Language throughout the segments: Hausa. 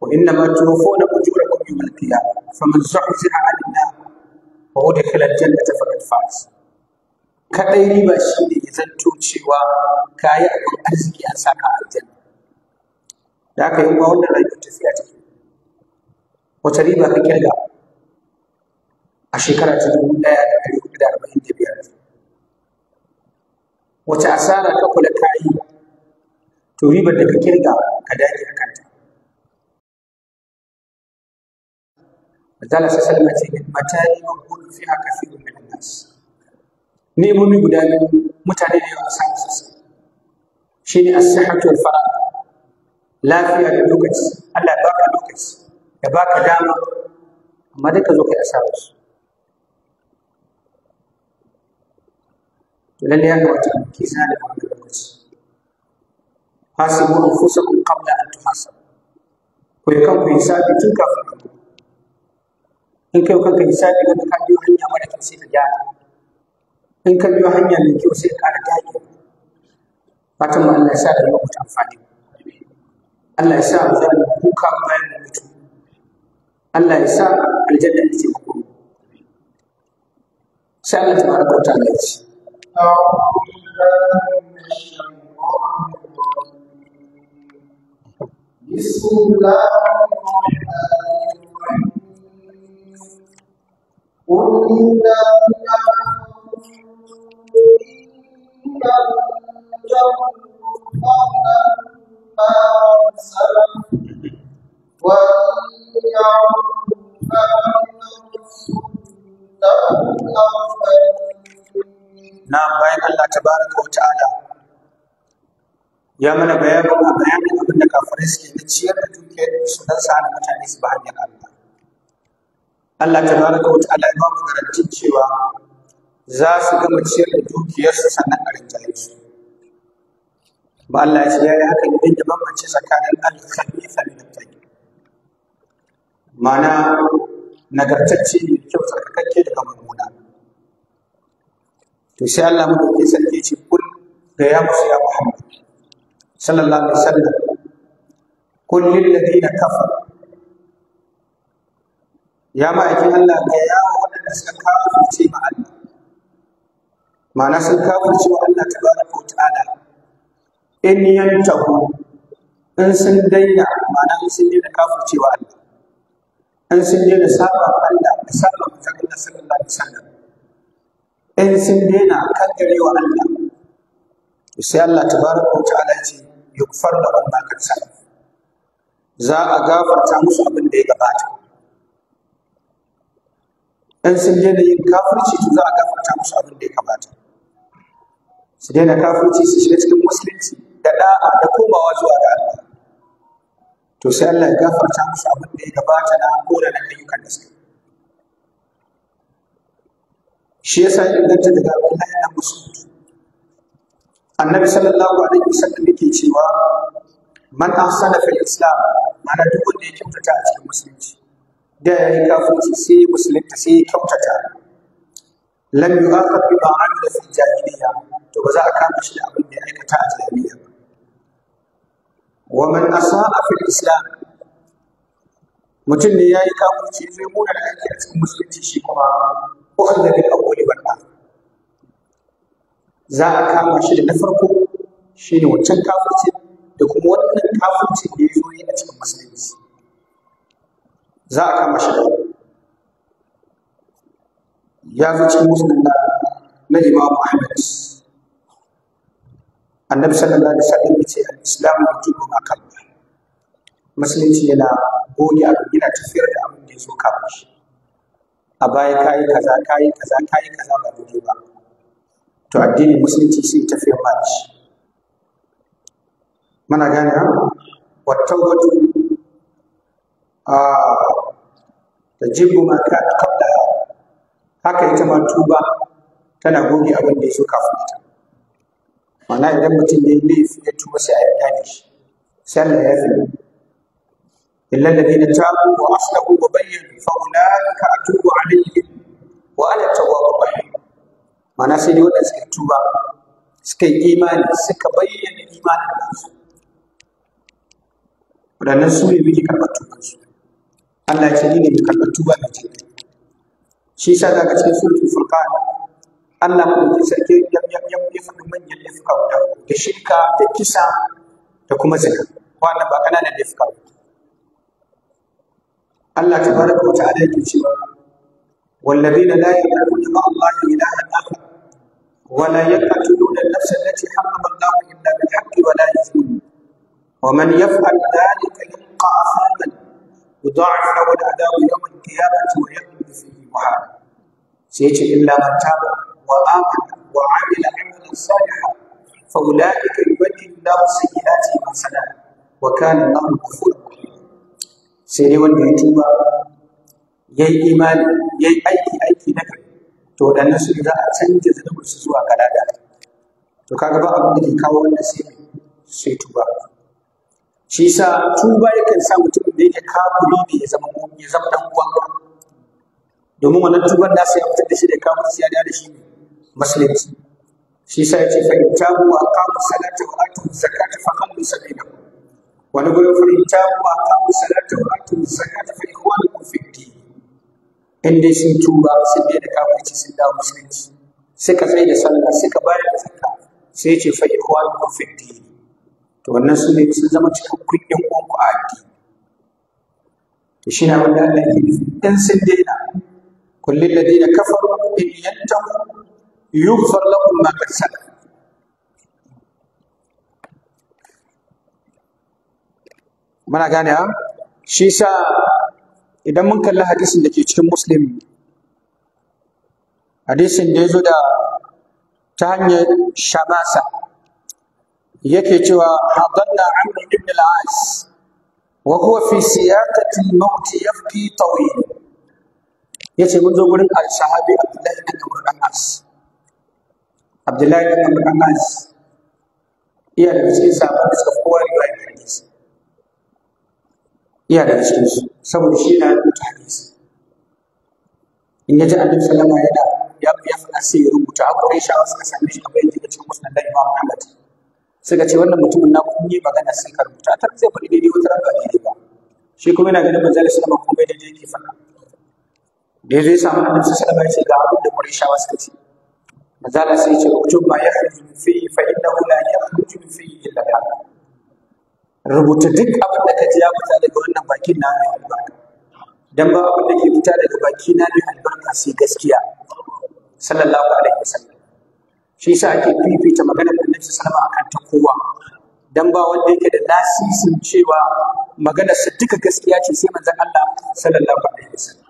وإنما توفون أجوركم يوم القيامة فمن زحزح عن النار وأدخل الجنة فقد فاز kadai riba shi ne ya zanto cewa kayi abin arziki an saka aljanna da aka yi wannan rayuwar tafiya take wata riba ka kirga a shekara dubu ɗaya da ɗari hudu da arba'in da biyar wata asara ka kula kayi to ribar da ka kirga ka dage a kanta Manzala sallallahu alaihi wasallam ce matani maqulu fi kathirun min an-nas nemomi guda biyu mutane da yawa san su shine as-sihhatu wal fara? lafiya da lokaci Allah ya baka lokaci ya baka dama amma dai ka zo kai asara su to lalle ya kamata ki sana da wannan lokaci hasibu anfusakum qabla an tuhasabu ku yi kanku hisabi tun kafin ku in kai kanka hisabi kanka ka biyo hanya mara kyau sai ka gyara in ka biyo hanya mai kyau sai ka ƙara daɗi fatan mu Allah ya sa rayuwar mu ta amfani Allah ya sa mu zama kuka bayan mu mutu Allah ya sa aljanna ta ce ku sai Allah ta baraka ta ga shi بسم الله الرحمن الرحيم قل إن नाम bayan Allah tabaraka wa ta'ala ya mana bayanin abin da kafirai suke na ciyar da dukiyar su dan sa mutane su ba hanyar Allah Allah ta baraka wata ala ba bamu garantin cewa za su gama ciyar da dukiyarsu sannan a rinjaye su ba Allah ya ce ya yi haka idan da bambance tsakanin al-khabitha min at-tayyib ma'ana nagartacce ne kyau tsarkakakke daga mummuna to sai Allah mu dauke sarki ce kul ga ya musu ya Muhammad sallallahu alaihi wasallam kul lil ladina kafaru ya ma'aikin Allah ga yawo waɗanda suka kafirce ma Allah ma'ana sun kafirce wa Allah da wa ta'ala in tabu in sun daina ma'ana in sun daina kafirce wa Allah in sun daina saba wa Allah da saba wa Allah sallallahu alaihi wasallam in sun daina kankare wa Allah sai Allah tabaraka wa ta'ala ya ce yukfar da wannan kansa za a gafarta musu abin da ya gabata in sun daina yin kafirci to za a gafarta musu abin da ya kamata su daina kafirci su shiga cikin musulunci da da'a da komawa zuwa ga Allah to sai Allah ya gafarta musu abin da ya gabata na hakura na ayyukan da suka shi yasa ya inganta daga Abdullahi na musu annabi sallallahu alaihi wasallam yake cewa man ahsana fil islam mana duk wanda ya kyautata a cikin musulunci da ya yi kafinci sai ya musulunta sai ya kyautata lam yu'aqab bi da fi jahiliya to ba za a kama shi da abin da ya aikata a jahiliya ba wa man a fil islam mutum ne ya yi kafinci zai muna da aiki a cikin musulunci shi kuma an bil awwali wal akhir za a kama shi da na farko shi ne wancan kafinci da kuma wannan kafinci da ya zo yi a cikin musulunci za a kama shi da ya zo cikin musulun na na imamu ahmed annabi sallallahu alaihi wasallam ya ce al-islamu yujibu ma musulunci yana goge abu, yana tafiyar da abin da ya zo shi a baya kayi kaza kayi kaza kayi kaza ba dole ba to addinin musulunci sai tafiyar ma shi muna gane ha wa tawbatu tajibbu ma kana qablaha haka ita ma tuba tana goge abin da yake kafin ita ma'ana idan mutum ya yi laifi ya tuba sai a yarda da shi sai Allah ya fi illa alladhina tabu ko aslahu wa bayyanu fa ka atubu alaihim wa ana tawwabur rahim ma'ana sai dai wanda suka tuba suka yi imani suka bayyana imanin su waɗannan su ne muke karɓar tubansu Allah ya ce ni ne mai karɓar tuba da ce shi za ka cikin suratul furqan Allah ɗauki sarki ya ya faɗi manyan laifuka guda da shirka da kisa da kuma zina wannan ba ƙananan laifuka ba Allah tabaraka wa ta'ala yake cewa والذين لا يدعون مع الله إلها آخر ولا يقتلون النفس التي حرم الله إلا بالحق ولا يزنون ومن يفعل ذلك يلقى أثاما يضاعف له العذاب يوم القيامة ويخلد فيه مهانا سيجد إلا من تاب وآمن وعمل عملا صالحا فأولئك يبدل الله سيئاتهم حسنات وكان الله غفورا sai dai wanda ya tuba ya yi imani ya aiki aiki na kai to waɗannan za a canja zanubinsu zuwa galada to kaga ba abin da ke kawo wanda sai sai tuba shi sa tuba kan sa mutumin da yake kafiri ne ya zama ya zama dan uwanka domin wannan tuban da sai ya fitar da shi da sai ya da shi musulunci shi sa yace fa in tabu wa qamu salata wa atu zakata fa khallu sabila wani gurin fa in tabu wa qamu salata wa atu zakata fa ikhwanukum fi din in dai sun tuba sun da kafirci sun dawo musulunci suka tsaye da sallah suka bayar da zakka sai yace fa ikhwanukum fi din to wannan su ne sun zama cikin yan uwanku a addini to shi ne abin da Allah ke nufi in sun daina da daina kafaru in yantahu yi farla kuma qad salaf muna gane ha shi sa idan mun kalli hadisin da ke cikin muslim hadisin da ya zo da ta hanyar shamasa yake cewa hadanna amr ibn al-as wa huwa fi siyaqati al-maut yabki tawil yace mun zo gurin al-sahabi abdullahi ibn amr al-as abdullahi ibn amr al-as iya da cikin sahabbai da suka kowa riwaya da hadisi iya da cikin su saboda shi yana rubuta hadisi in yaji annabi sallama yana ya faɗa sai ya rubuta a ƙurai sha'awa suka same shi kamar yadda cikin musnad da imam ahmad suka ce wannan mutumin na kun yi magana sai ka rubuta ta zai faɗi daidai wata ranga daidai ba shi kuma yana ganin manzali sallama kuma bai daidai yake faɗa da ya zo ya samu annabi sallama ya ce ga abin da qurayshawa suka ce manzala sai ya ce uktub ma yakhruju min fihi fa innahu la yakhruju min fihi illa al rubuta duk abin da ka ji ya fita daga wannan bakin na mai albarka dan ba abin da ke fita daga baki na mai albarka sai gaskiya sallallahu alaihi wasallam shi yasa ake fifita maganar alaihi wasallam akan ta kowa dan ba wanda yake da lasisin cewa magana su duka gaskiya ce sai manzon Allah sallallahu alaihi wasallam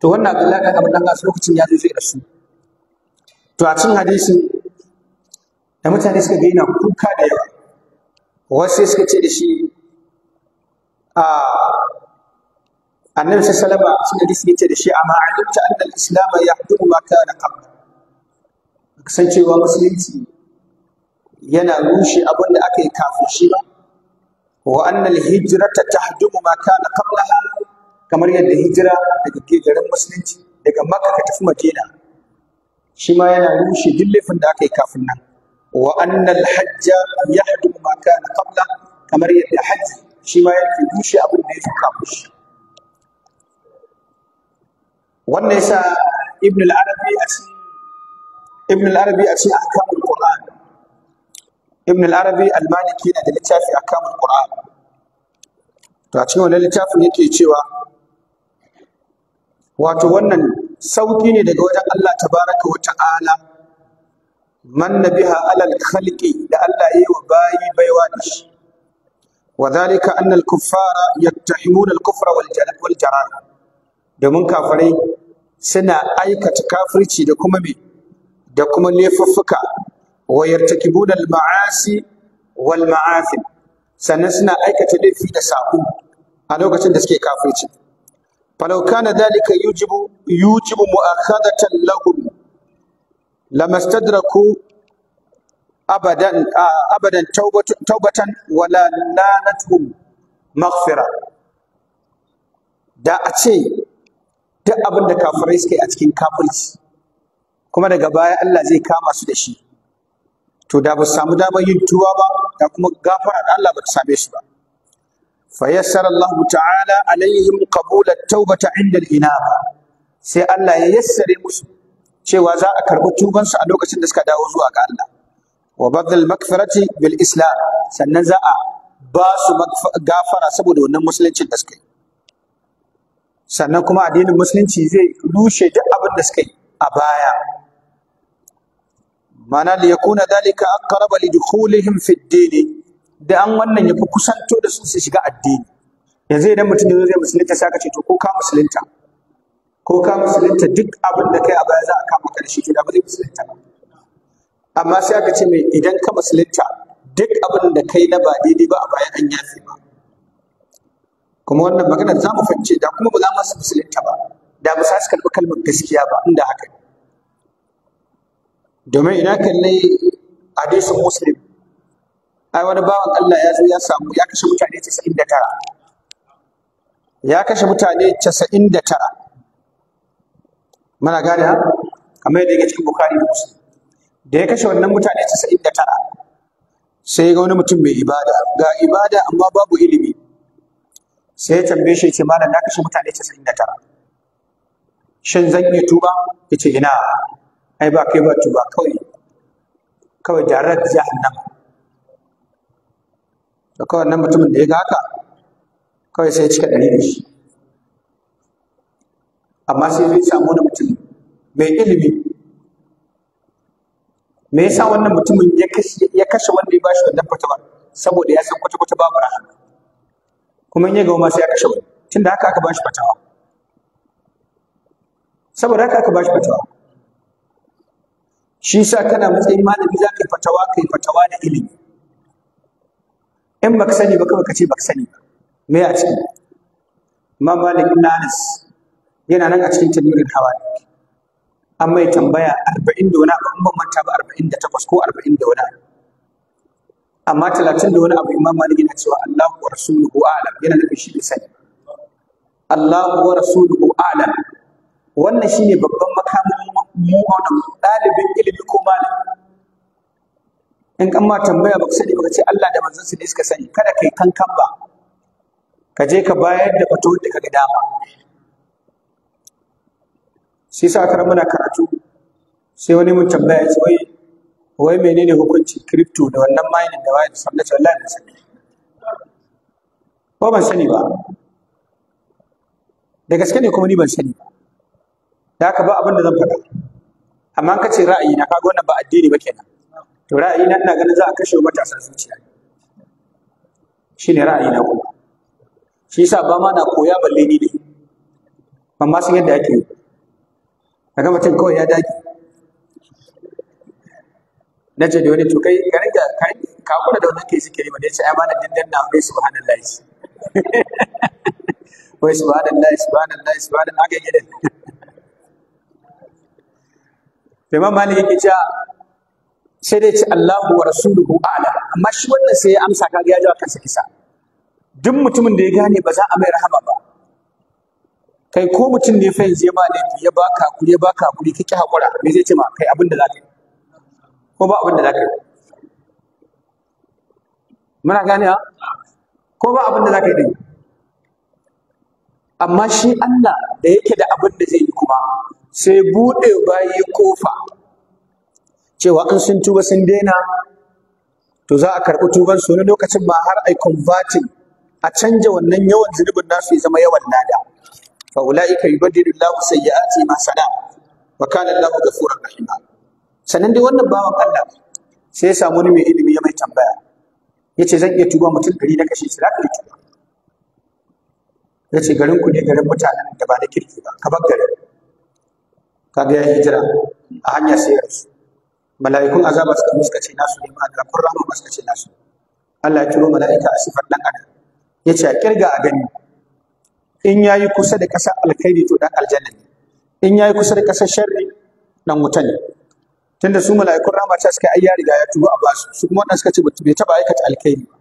to wannan Abdullahi abin Abdullah a lokacin ya zo zai rasu to a cikin hadisi da mutane suka ga kuka da yawa wasu suka ce da shi a annabi sallallahu alaihi wasallam hadisi yace da shi amma alimta anna al ya hudu ma kana qabla kasancewa musulunci yana rushe abin da aka yi kafin shi ba wa annal hijrata tahdumu ma kana qablaha kamar yadda hijira daga garin musulunci daga makka ka tafi madina shi ma yana rushe duk laifin da aka yi kafin nan wa annal hajja yahdumu ma kana qabla kamar yadda hajji shi ma yake rushe abin da ya kafin shi wannan yasa ibn al-arabi a cikin ibn al-arabi a cikin ahkamul qur'an ibn al-arabi al-maliki da littafi akamul qur'an to a cikin wani littafin yake cewa wato wannan sauki ne daga wajen Allah tabaraka wa Man na biha alal khalqi da Allah yi wa bayi baiwa da shi وذلك أن الكفار يتهمون الكفر jarar. domin kafirai suna aikata kafirci da kuma me da kuma wa yartakibuna al-ma'asi wal ma'afi sannan suna aikata laifi da sako a lokacin da suke kafirci falau kana dalika yujibu yujibu mu'akhadatan lahum lamastadraku abadan abadan taubatan wala lanatuhum maghfira da a ce duk abin da kafirai suke a cikin kafirci kuma daga baya Allah zai kama su da shi to da ba su samu damar yin tuwa ba da kuma gafara da Allah ba ta same su ba fayassar Allah ta'ala alaihim qabula taubata inda al-inaba sai Allah ya yassare musu cewa za a karɓi tubansu a lokacin da suka dawo zuwa ga Allah wa badal makfarati bil islam sannan za a ba su gafara saboda wannan musuluncin da suka yi sannan kuma addinin musulunci zai rushe duk abin da suka yi a baya ma'ana da kuna dalika an karaba fi ad da an wannan fi kusanto da su su shiga addini yanzu idan mutum yazo zai musulunta sai aka ce to ko ka musulunta ko ka musulunta duk abin da kai a baya za a kama ka da shi to da ba zai musulunta ba amma sai aka ce mai idan ka musulunta duk abin da kai na ba daidai ba a baya an yafe ba kuma wannan magana za mu fahimce da kuma ba za mu musulunta ba da ba sa su karɓi kalmar gaskiya ba inda haka domin idan kalli hadisin muslim ai wani bawan Allah ya zo ya samu ya kashe mutane 99 ya kashe mutane 99 muna gane ha kamar yadda yake cikin bukari da muslim da ya kashe wannan mutane 99 sai ga wani mutum mai ibada ga ibada amma babu ilimi sai ya tambaye shi ce malam na kashe mutane 99 shin zan iya tuba yace ina ai ba kai ba to ba kawai kawai jarar jahannam da kawai nan mutumin da ya ga haka kawai sai cika ɗari da shi amma sai zai samu wani mutum mai ilimi me yasa wannan mutumin ya kashe wanda ya bashi wannan fatawa saboda ya san kwata-kwata babu rahama kuma in ya gama sai ya kashe wani tunda haka aka bashi fatawa saboda haka aka bashi fatawa shi sa kana matsayin malami za ka yi fatawa ka yi fatawa da ilimi in baka sani ba kawai ka ce baka sani ba me a ciki ma malik ibn anas yana nan a cikin tanwirin hawari an mai tambaya arba'in da wani abu in ban manta ba arba'in da takwas ko arba'in da wani abu amma talatin da wani abu imam malik yana cewa allahu wa rasuluhu alam yana nufin shi bai sani allahu wa rasuluhu alam wannan shine babban makamin ɗalibin ilimi ko malami in kan ma tambaya baka sani baka ce Allah da manzon ne suka sani kada kai kankan ba ka je ka bayar da fatawar da kaga dama shi sa aka muna karatu sai wani mun tambaya ce wai wai menene hukunci, crypto da wannan mining da wayar sallah wallahi ban sani ko ban sani ba da gaske ne kuma ni ban sani ba da haka ba abin da zan faɗa amma ka ce ra'ayi na kaga wannan ba addini ba kenan to ra'ayi na ina ganin za a kashe matasan zuciya shine ra'ayi na kuma shi yasa ba ma na koya balle ni ne ban ma san yadda ake yi kaga mutum kawai ya dage na ce da wani to kai ka rinka ka kula da wannan ke suke yi ba ya ce ai ba na dindan na wani subhanallahi wai subhanallahi subhanallahi subhanallahi aka yi da Imam Malik yake cewa sai dai ce Allahu wa rasuluhu a'lam amma shi wannan sai ya amsa kaga ya jawa kansa kisa duk mutumin da ya gane ba za a mai rahama ba kai ko mutum ne fa yanzu ya ba laifi ya ka hakuri ya baka hakuri kake hakura me zai ce ma kai abin da za ka yi ko ba abin da za ka yi muna gane ha ko ba abin da za ka yi din amma shi Allah da yake da abin da zai yi kuma sai buɗe bayi kofa cewa an sun tuba sun daina to za a karɓi tuban su wani lokacin ma har ai converting a canja wannan yawan zunubin nasu ya zama yawan lada fa ulaika yubaddilu Allahu sayyi'ati ma sada wa kana Allahu ghafurur rahima sanan dai wannan bawan Allah sai ya samu wani mai ilimi ya mai tambaya yace zan iya tuba mutum gari na kashe shi za ka yi tuba yace garin ku ne garin mutanen da ba na kirki ba ka bar garin kaga ya hijira a hanya sai ya rasu mala'ikun azaba suka muska ce nasu ne mala'ikun rahama ba suka ce nasu Allah ya turo mala'ika a sifar dan adam ya ce a kirga a gani in yayi kusa da ƙasa alkhairi to dan aljanna ne in yayi kusa da ƙasar sharri dan wuta ne tunda su mala'ikun rahama ta suka ai ya riga ya tuba a basu su kuma wannan suka ce bai taɓa aikata alkhairi ba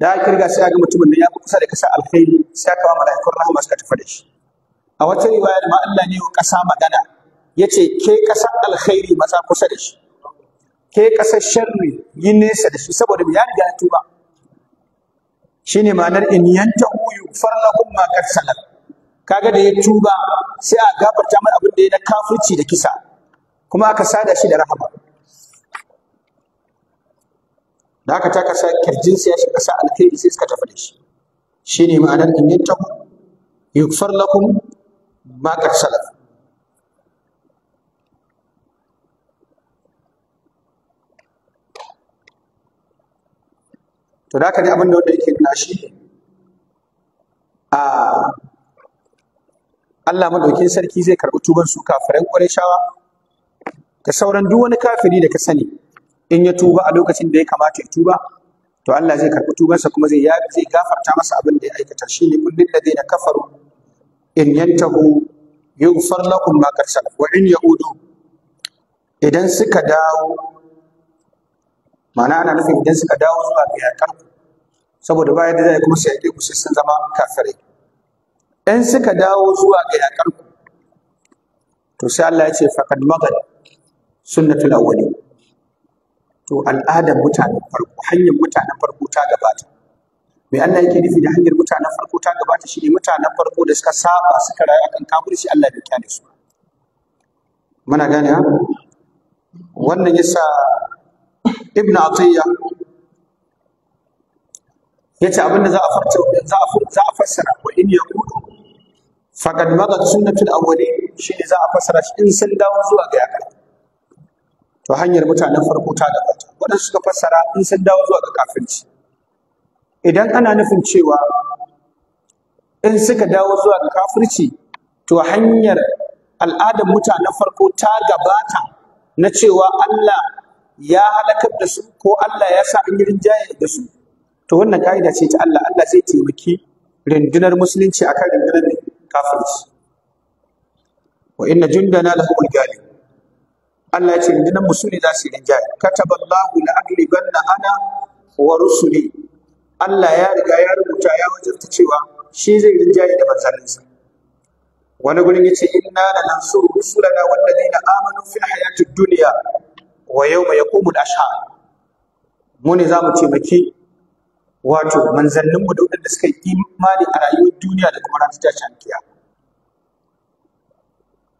da kirga sai ga mutumin da ya kusa da ƙasa alkhairi sai aka ba mala'ikun rahama suka tafi da shi a wata riwayar ma Allah ne wa ƙasa magana ya ce ke ƙasar alkhairi maza kusa da shi ke ƙasar sharri yi nesa da shi saboda ya riga ya tuba shi ne ma'anar in yanta uyu farlakun makar salar kaga da ya tuba sai a gafarta mai abin da ya na kafirci da kisa kuma aka sada shi da rahama da aka taka sa kirjinsa ya shiga sa alkhairi sai suka tafi da shi shine ma'anar in yantahu yughfar lakum ma salaf to da ka ne abin da wanda yake nuna shi a Allah madaukin sarki zai karɓi tuban su kafiran shawa da sauran duk wani kafiri da ka sani in ya tuba a lokacin da ya kamata ya tuba to Allah zai karɓi tubansa kuma zai gafarta masa abin da ya aikata shi ne da kullin ladina kafaru in yantahu yughfar lahum ma qad wa in yaudu idan suka dawo ma'ana ana nufin idan suka dawo zuwa ga yakar ku saboda bayan da zai kuma sai ku kusa sun zama kafirai in suka dawo zuwa ga yakar ku to sai Allah ya ce faqad magad sunnatul awwali to al'adar mutanen farko hanyar mutanen farko ta gabata mai Allah yake nufi da hanyar mutanen farko ta gabata shi ne mutanen farko da suka saba suka rayu akan kafirci Allah bai kyale su muna gane ha wannan yasa ibn atiyya yace abinda za a farce za a za a fassara wa in yakudu faqad magat sunnatul awwali shi ne za a fassara shi in sun dawo zuwa ga yakar to hanyar mutanen farko ta gabata waɗansu suka fassara in sun dawo zuwa ga kafirci idan ana nufin cewa in suka dawo zuwa ga kafirci to hanyar al'adar mutanen farko ta gabata na cewa Allah ya halakar da su ko Allah ya sa an yi rinjaye da su to wannan ka'ida ce ta Allah Allah zai taimaki rindunar musulunci akan rindunar kafirci wa inna jundana lahumul galib Allah ya ce rindunar musulmi za su rinjaye kataballahu la'aqliban ana wa rusuli Allah ya riga ya rubuta ya wajabta cewa shi zai rinjaye da manzanninsa wani gurin yace inna la nansuru rusulana ladina amanu fi hayatid dunya wa yawma yaqumul ashha. mu ne zamu taimaki wato manzanninmu da wanda suka yi imani a rayuwar duniya da kuma ranar tashin kiyama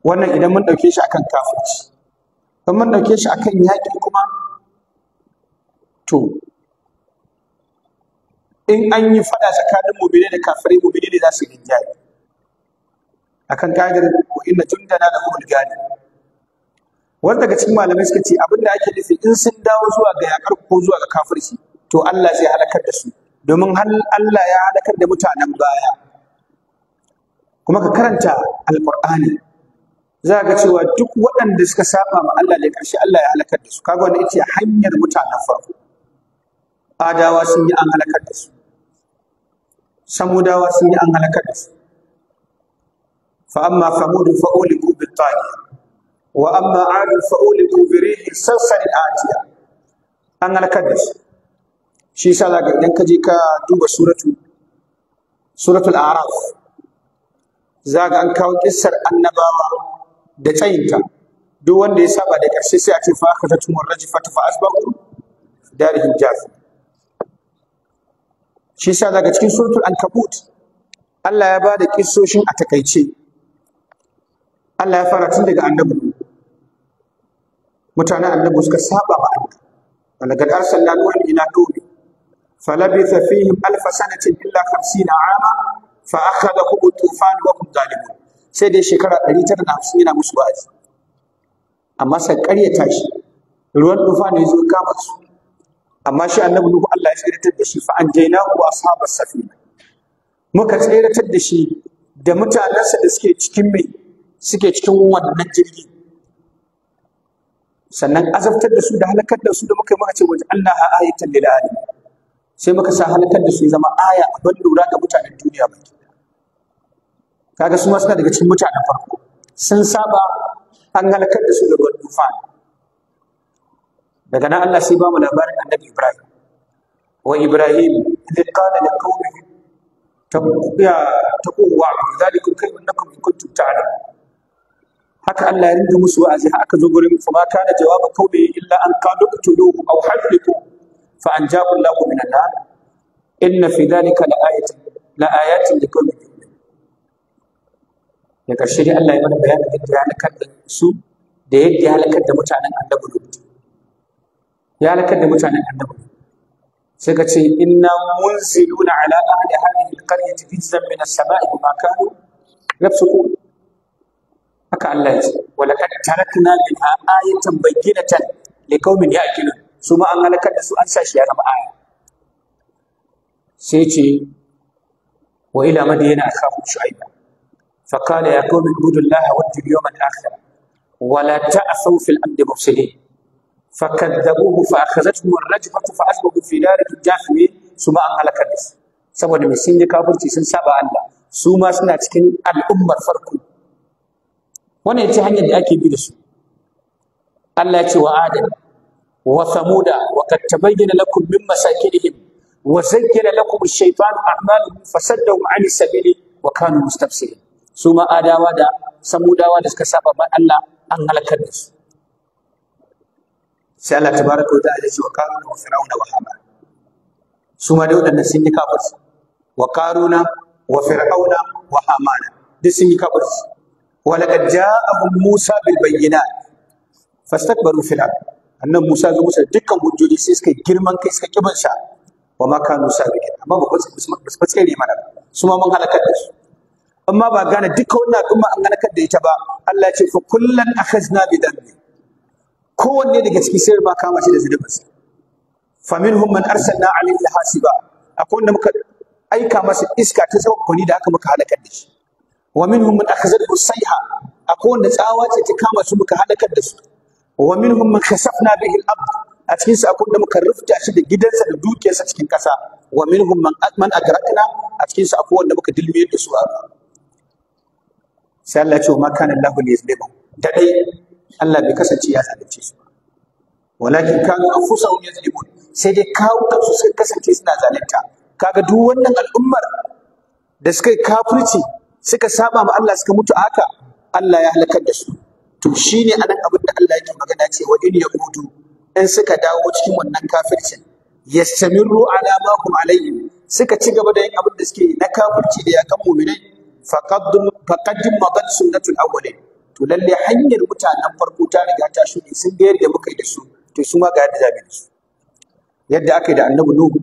wannan idan mun dauke shi akan kafirci in mun dauke shi akan yaƙi kuma to in an yi fada tsakanin mu'mini da kafirai mu'mini ne za su rinjaye akan ka'idar ko inna tun da kuma gani wani daga cikin malamai suka ce abinda ake nufi in sun dawo zuwa ga yakar ko zuwa ga kafirci to Allah zai halakar da su domin Allah ya halakar da mutanen baya kuma ka karanta alqur'ani za ga cewa duk waɗanda suka saba ma Allah da ƙarshe Allah ya halakar da su kaga wanda ita hanyar mutanen farko adawa sun yi an halakar da su samudawa sun yi an halakar da su fa amma samudu fa uliku bittaniya wa amma adu fa uliku bi rihin sassan atiya an halakar da su shi yasa zaka idan ka je ka duba suratu suratul a'raf zaka an kawo kissar annabawa da tsayinta duk wanda ya saba da ƙarshe sai a ce fa ta akhazatum ar-rajfatu fa asbahu darihim jafi shi yasa daga cikin suratul ankabut Allah ya bada kissoshin a takaice Allah ya fara tun daga annabi mutanen annabi suka saba wa Allah walaqad arsalna nuhan ila qaumi falabitha fihim alf sanati illa 50 ama fa akhadhahum tufan wa hum zalimun sai dai shekara 150 yana musu ba'azi amma sai ƙaryata shi ruwan tufan ne zo kama su amma shi annabi nuhu Allah ya tsiratar da shi fa anjaynahu wa ashabu safina muka tsiratar da shi da mutanansa da suke cikin mai suke cikin wannan jirgi sannan azabtar da su da halakar da su da muka yi muka ce wajen Allah a ayatan lil alamin sai muka sa halakar da su zama aya ban lura ga mutanen duniya baki kaga su ma suna daga cikin mutanen farko sun saba an halakar da su da ban dufa daga nan Allah sai ba mu labarin annabi Ibrahim wa Ibrahim idh qala liqaumihi taquwa taquwa zalikum khayrun lakum in kuntum ta'lamun haka Allah ya rinda musu wa'azi har aka zo gurin fa ma kana jawaba qaumihi illa an qalu qtuluhu aw hadiku fa anjahu Allah min an-nar inna fi dhalika la'ayatin la'ayatin liqaumin yu'minun ya karshe Allah ya mana bayanin yadda ya halakar da su da yadda ya halakar da mutanen annabi Lut ya halakar da mutanen annabi sai ka ce inna munziluna ala ahli hadhihi alqaryati rijzan min as-sama'i bima kanu yafsukun haka Allah ya ce wa laqad tarakna minha ayatan bayyinatan liqaumin ya'qilun su ma an halakar da su an sa shi ya zama aya sai ce wa ila madiyana akhahum shu'aiba فقال يا قوم اعبدوا الله واتقوا اليوم الاخر ولا تعثوا في الارض مفسدين fakadzabuhu fa akhazatuhum ar-rajfatu fa asbahu fi daril jahimi su ma an saboda mai sun yi kafirci sun saba Allah su ma suna cikin al'ummar farko wannan ita hanyar da ake bi da su Allah ya ce wa adam wa samuda wa qad tabayyana lakum min masakinihim wa zayyana lakum ash-shaytanu a'malahum fasaddahum 'an sabili wa kanu mustafsirin su ma adawa da samudawa da suka saba ma Allah an halakar da su sai Allah tabaraka wa ta'ala ce wa karuna wa fir'auna wa haman su ma da waɗannan sun yi kafirci wa karuna wa fir'auna wa hamana duk sun yi kafirci wa laqad ja'ahum musa bil bayyinat fastakbaru fil ard annan musa ga musa dukkan hujjoji sai suka girman kai suka kiban sa wa ma kanu sabiqin amma ba ba tsere mana su ma mun halakar da su amma ba gane duka wannan al'umma an halakar da ita ba Allah ya ce fa kullan akhazna bi dhanbi kowanne daga ciki sai ba kama shi da zunubinsa famin man arsalna alaihi hasiba akwai wanda muka aika masa iska ta tsawon kwani da aka muka halakar da shi wa minhum man akhazatu sayha akwai wanda tsawa ce ta kama su muka halakar da su wa minhum man khasafna bihi al-ard a cikin sa akwai wanda muka rufta shi da gidansa da dukiyarsa cikin kasa wa minhum man man agrakna a cikin sa akwai wanda muka dilmiyar da su a sai Allah ya ce ma kana Allahu liyazlimu da dai Allah bai kasance ya zalunce su ba walakin kanu anfusahum yazlimun sai dai kawo su sai kasance suna zalunta kaga duk wannan al'ummar da suka yi kafirci suka saba ma Allah suka mutu haka Allah ya halakar da su to shine anan abin da Allah yake magana ce wa in ya kudu in suka dawo cikin wannan kafircin ruwa ala ma hum alayhi suka ci gaba da yin abin da suke na kafirci da yakan mu'minai faqad faqad madat sunnatul awwalin to lalle hanyar mutanen farko ta riga ta shuɗe sun ga yadda muka yi da su to su ma ga yadda mu yi da su yadda aka yi da annabi nuhu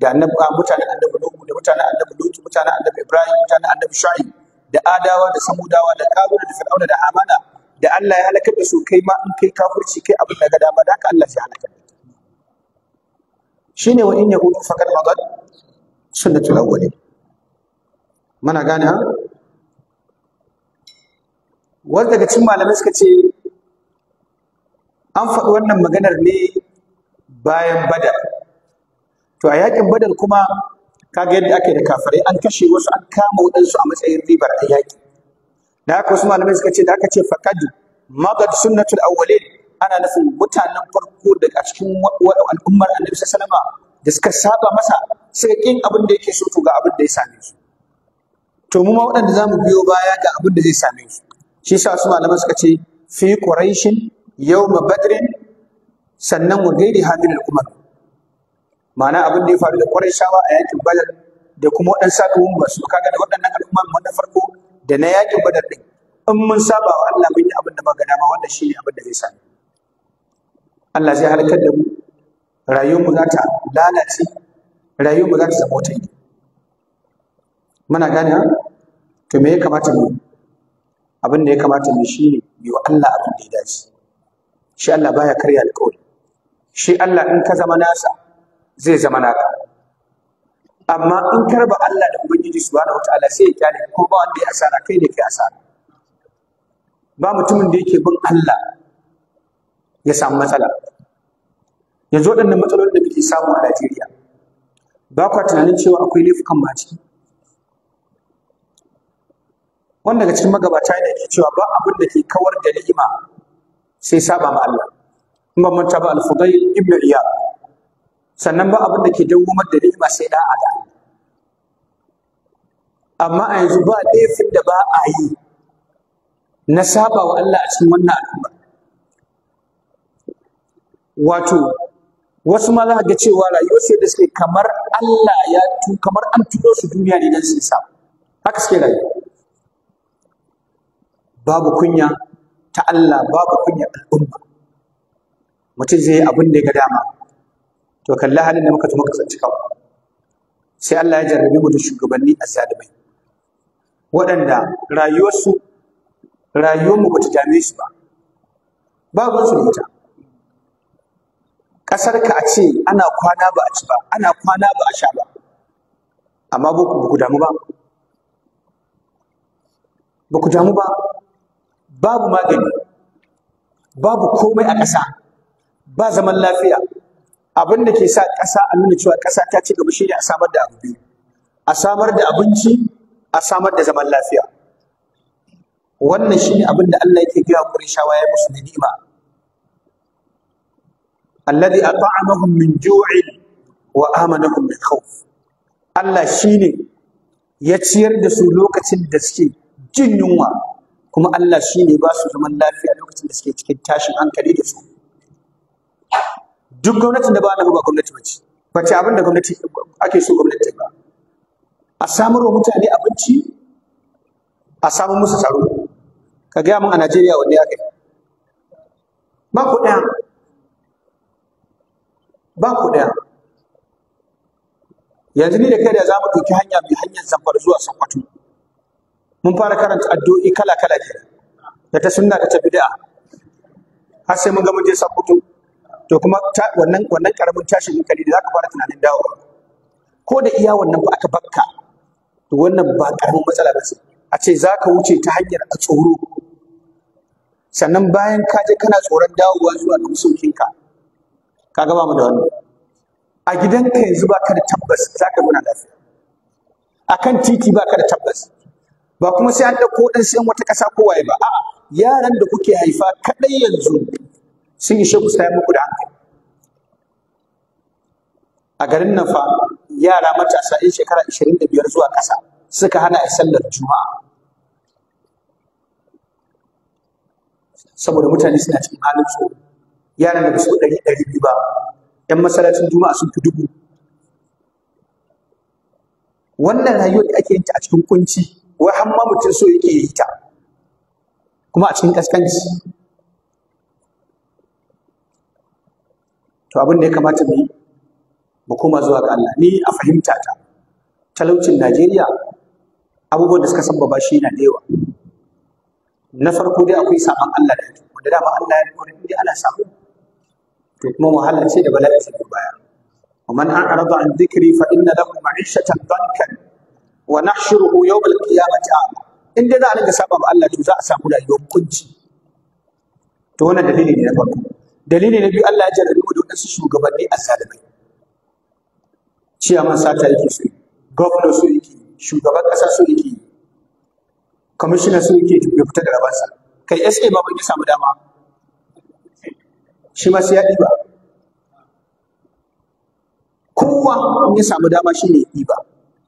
da annabi mutanen annabi nuhu da mutanen annabi lutu mutanen annabi ibrahim mutanen annabi shu'aib da adawa da samudawa da karuna da fir'auna da amana da Allah ya halakar da su kai ma in kai kafirci kai abin da ga dama da haka Allah ya halakar da shine wa in yahudu fakar madad sunnatul awwalin mana gane ha wani daga cin malamai suka ce an faɗi wannan maganar ne bayan badar to a yakin badar kuma kaga yadda ake da kafirai an kashe wasu an kama waɗansu a matsayin ribar a yaƙi da haka wasu malamai suka ce da aka ce fakadu magad sunnatul awwalin ana nufin mutanen farko daga cikin al'ummar annabi sallama da suka saba masa suka kin abin da yake so to ga abin da ya same su to mu ma waɗanda zamu biyo baya ga abin da zai same su shi sa su malaman suka ce fi quraishin yawma badrin sannan mu gairi hamil al-umar ma'ana abin da ya faru da quraishawa a yakin badar da kuma waɗansu ba su kaga da waɗannan al'umma wanda farko da na yakin badar din in mun saba wa Allah mun yi abin da ba ga dama wanda shi ne abin da zai sani Allah zai halakar da mu rayuwarmu za ta lalace rayuwarmu za ta zama wata muna gane to me ya kamata mu yi. abin da ya kamata mai shi ne mai wa Allah abin da ya dace shi Allah baya karya alƙawari shi Allah in ka zama nasa zai zama naka amma in ka Allah da ubangiji wata wataala sai ya kyale ko ba wanda ya asara kai ne kai asara ba mutumin da yake bin Allah ya samu matsala yanzu waɗannan matsalolin da muke samu a Najeriya ba kwa tunanin cewa akwai laifukan ba ciki wanda daga cikin magabata yana ke cewa ba abin da ke kawar da ni'ima sai saba ma Allah in ban manta ba al-fudayl ibn iyad sannan ba abin da ke dawwamar da ni'ima sai da ada. amma a yanzu ba laifin da ba a yi na saba wa Allah a cikin wannan al'umma wato wasu ma za ga cewa rayuwar sai da suke kamar Allah ya tu kamar an tudo su duniya ne dan su saba haka suke rayuwa babu kunya ta Allah babu kunya al'umma mutum zai yi abin da ya ga dama to kalli halin da muka tuma kasance kawo sai Allah ya jarrabe mu da shugabanni a zalimai waɗanda rayuwarsu rayuwarmu ba ta dame su ba babu su ta. ƙasar ka a ce ana kwana ba a ci ba ana kwana ba a sha ba amma ba ku damu ba ba ku damu ba babu magani babu komai a ƙasa ba zaman lafiya abin da ke sa ƙasa a nuna cewa ƙasa ta ci gaba shi ne a samar da abu biyu a samar da abinci a samar da zaman lafiya wannan shi ne abin da Allah yake gaya Qurayshawa ya musu da ni'ima alladhi at'amahum min ju'in wa amanahum min khawf Allah shine ya ciyar da su lokacin da suke jin yunwa kuma Allah shi ne ba su zaman lafiya lokacin da suke cikin tashin hankali da su duk gwamnatin da ba na ba gwamnati ba ce ba ce abin da gwamnati ake so gwamnati ba a samar wa mutane abinci a samun musu tsaro ka gaya min a Najeriya wanne ya kai ba ku ɗaya ba ku ɗaya yanzu ni da kai da za mu ɗauki hanya mai hanyar zamfara zuwa sokoto mun fara karanta addu'o'i kala-kala ke da ta sunna da ta bid'a har sai mun ga mun je sakutu to kuma wannan wannan karamin tashin hankali da zaka fara tunanin dawo ko da iya wannan ba aka bakka to wannan ba karamin matsala ba ce a ce zaka wuce ta hanyar a tsoro sannan bayan ka je kana tsoron dawowa zuwa ga masaukinka ka gaba mu da wannan a gidanka yanzu ba ka da tabbas zaka muna lafiya akan titi ba ka da tabbas ba kuma sai an ɗauko ɗan sai wata ƙasa ko waye ba a'a yaran da kuke haifa kaɗai yanzu sun yi ku sai muku da hankali a garin nan fa yara matasa in shekara 25 zuwa ƙasa suka hana a sallar juma'a saboda mutane suna cikin halin tsoro yaran da su ɗari ɗari biyu ba ‘yan masallacin juma'a sun fi dubu wannan hanyoyi da ake yin ta a cikin kunci wai har ma mutum so yake yi ta kuma a cikin ƙasƙanci. to abin da ya kamata mu yi mu koma zuwa ga Allah ni a fahimta ta talaucin Najeriya abubuwan da suka sabbaba shi yana da yawa na farko dai akwai saman Allah da wanda dama Allah ya kore inda ana samu to kuma wahala ce da bala'i ta baya ومن أعرض عن ذكري فإن له معيشة ضنكا wa nahshuruhu yawm al-qiyamati a'ma in dai za a rinka saba ma Allah to za a samu rayuwar kunci to wannan dalili ne na farko dalili na biyu Allah ya jarrabe mu da wasu shugabanni a sadaka ciyaman sata yake so gwamna su yake shugaban kasa su yake commissioner su yake ya fita da rabansa kai SA ma mun samu dama shi ma sai ya ɗiba kowa in ya samu dama shi ne ya ɗiba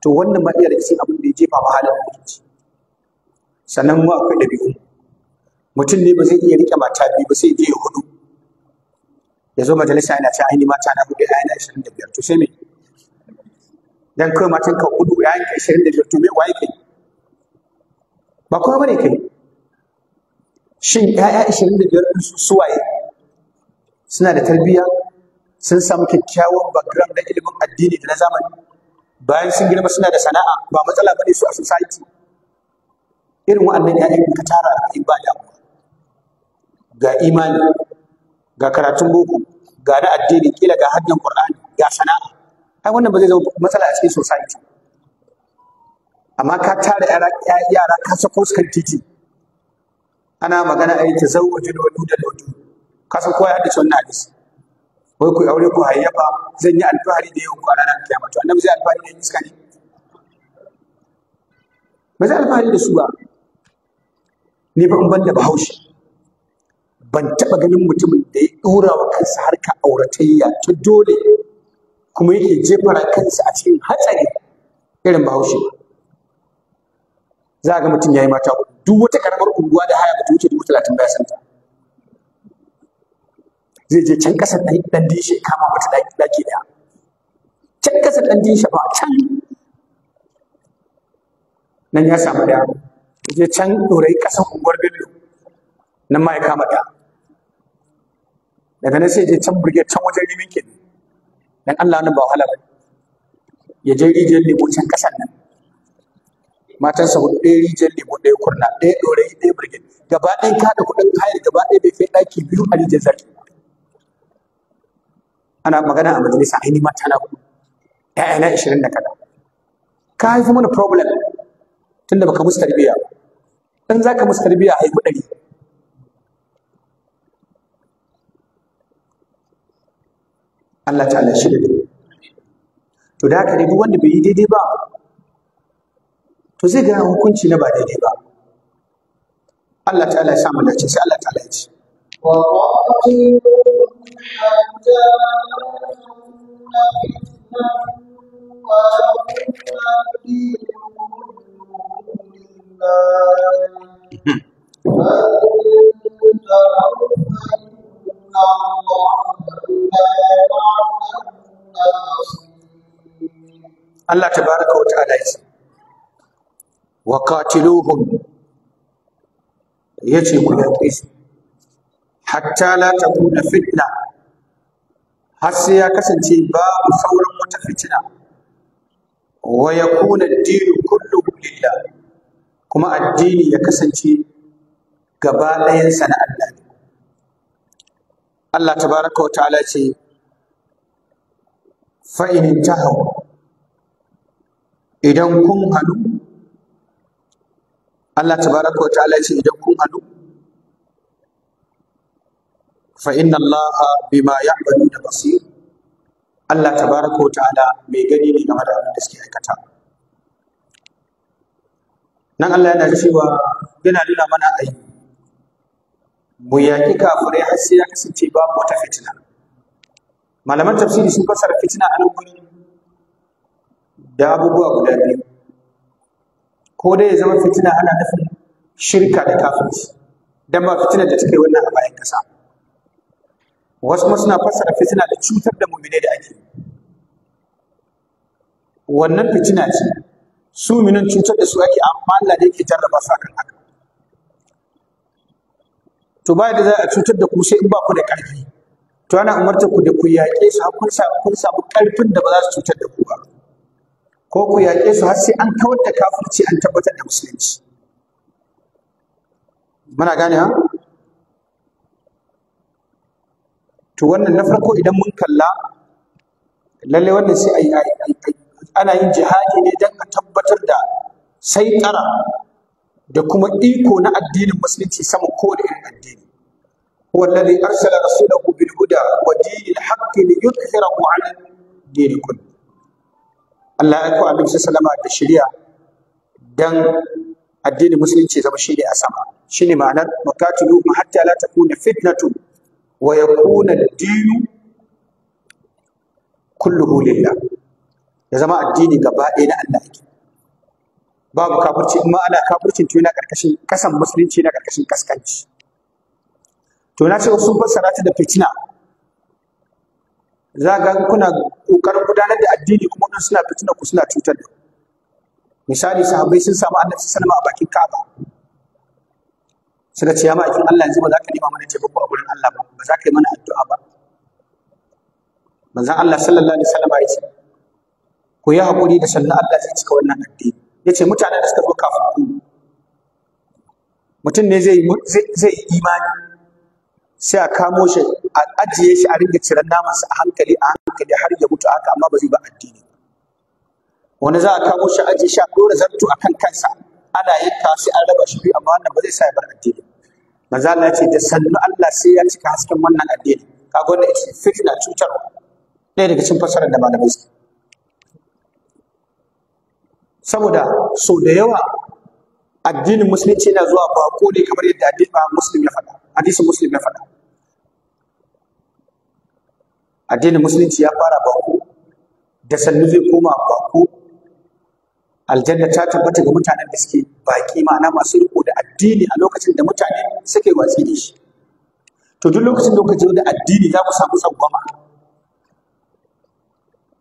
to wannan ba iya da cikin abin da ya jefa ba halin mutunci sannan mu akwai ɗabi'u mutum ne ba zai iya riƙe mata biyu ba sai je ya hudu ya zo majalisa yana ta ainihin mata na hudu ya yana ashirin da biyar to sai me dan kawai matan ka hudu ya yanka ashirin da biyar to me waye kai ba kowa bane kai shin ya'ya ashirin da biyar su suwaye suna da tarbiyya sun samu kyakkyawan background na ilimin addini da na zamani bayan sun girma suna da sana'a ba matsala bane su a society irin wa'annan ya ka tara in ba ga imani ga karatun boko ga na addini kila ga haddan qur'ani ga sana'a ai wannan ba zai zama matsala a cikin society amma ka tara yara yara ka sako su kan titi ana magana ai ta zawwaju da wadu da wadu ka san kowa ya haddace wannan hadisi wai ku aure ku hayyafa zan yi alfahari da yau ku a ranar kiyama to annabi zai alfahari da iska ne ba zai alfahari da su ba ni ba in ban da bahaushe ban taɓa ganin mutumin da ya ɗora wa kansa harka auratayya ta dole kuma yake jefara kansa a cikin hatsari irin bahaushe za a ga mutum ya yi mata duk wata karamar unguwa da haya ba ta wuce dubu talatin bayan santa zai je can kasar dan dishe kama mata daki daya can kasar dan dishe ba can nan ya samu da je can dorai kasar unguwar bello nan ma ya kama da daga nan sai je can burge can wajen rimin ke dan Allah nan ba wahala ba ya je rijiyar lebo can kasar nan matansa hudu ɗaya rijiyar lebo ɗaya kurna ɗaya dorai ɗaya burge gaba ɗaya kada kuɗin kayan gaba ɗaya bai kai ɗaki biyu a rijiyar zaki ana magana a majalisa aini ma tana ku ƴaƴana ishirin da kaza ka haifi mana problem tunda baka musu tarbiyya Dan za ka musu tarbiyya a haifi ɗari Allah ta'ala shi da to da haka ne duk wanda bai yi daidai ba to zai ga hukunci na ba daidai ba Allah ta'ala ya sa mu dace sai Allah ta'ala ya ce Allah tabaraka wa ta'ala yace wa qatiluhum yace ku yaƙe su hatta la takuna fitna har sai ya kasance babu sauran wata fitina wa ya kuna dinu kullum lillah kuma addini ya kasance gaba ɗayansa na Allah ne Allah baraka wa ta'ala ce fa ta hau. idan kun hannu Allah ta baraka wa ta'ala ce idan kun hannu fa inna allaha bima ya'maluna basir Allah tabaraka wa ta'ala mai gani ne game da abin da aikata nan Allah yana cewa yana nuna mana ai mu yaƙi kafirai har sai ya kasance babu wata fitina malaman tafsiri sun fasara fitina a nan gurin da abubuwa guda biyu ko dai ya zama fitina ana nufin shirka da kafirci dan ba fitinar da take wannan a bayan kasa wasu ma suna fassara fitina da cutar da mu'minai da ake wannan fitina ce su minan cutar da su ake amma Allah ne yake jarraba su akan haka to ba da za a cutar da ku sai in ba ku da ƙarfi to ana umarta ku da ku yaƙe su har kun kun samu ƙarfin da ba za su cutar da ku ba ko ku yaƙe su har sai an kawar da kafirci an tabbatar da musulunci muna gane ha to wannan na farko idan mun kalla lalle wannan sai ana yin jihadi ne don a tabbatar da sai tsara da kuma iko na addinin musulunci sama ko da irin addini والذي أرسل رسوله بالهدى ودين الحق ليظهره على الدين كله Allah ya kuwa abin salama da shirya dan addinin musulunci zama shi ne a sama shi ne ma'anar makatulu hatta la takuna fitnatun ويكون الدين كله لله يا lillah ya zama addini الله na Allah ما babu kafirci تو ma ana kafircin to كسكنتي musulunci انا karkashin سو to na فتنا sun da fitina za kuna kokarin gudanar da addini kuma wannan suna fitina ku suna cutar misali sahabbai sun samu annabi a bakin Ka'aba suka ce ya in Allah yanzu ba za ka nema mana taimako a gurin Allah ba ba za ka yi mana addu'a ba manzon Allah sallallahu alaihi wasallam ya ce ku yi hakuri da sannan Allah zai cika wannan addini Ya ce mutanen da suka zo kafin ku mutum ne zai zai yi imani sai a kamo shi a ajiye shi a ringa ciran sa a hankali a hankali har ya mutu haka amma ba zai ba addini wani za a kamo shi a ajiye shi a ɗora zartu a kansa ana ka sai an raba shi amma wannan ba zai sa ya bar addini manzo Allah ce da sannu Allah sai ya cika hasken wannan addini ga wannan ita fitna cutarwa ɗaya daga cikin fasarar da malamai suke saboda so da yawa addinin musulunci yana zuwa ko ne kamar yadda addinin ah, musulun ya faɗa hadisin musulun ya faɗa addinin musulunci ya fara ko da sannu zai koma ko aljanna ta tabbata ga mutanen da suke baki ma'ana masu riko da addini a lokacin da mutane suke watsi da shi to duk lokacin da kuka da addini za ku samu tsangwama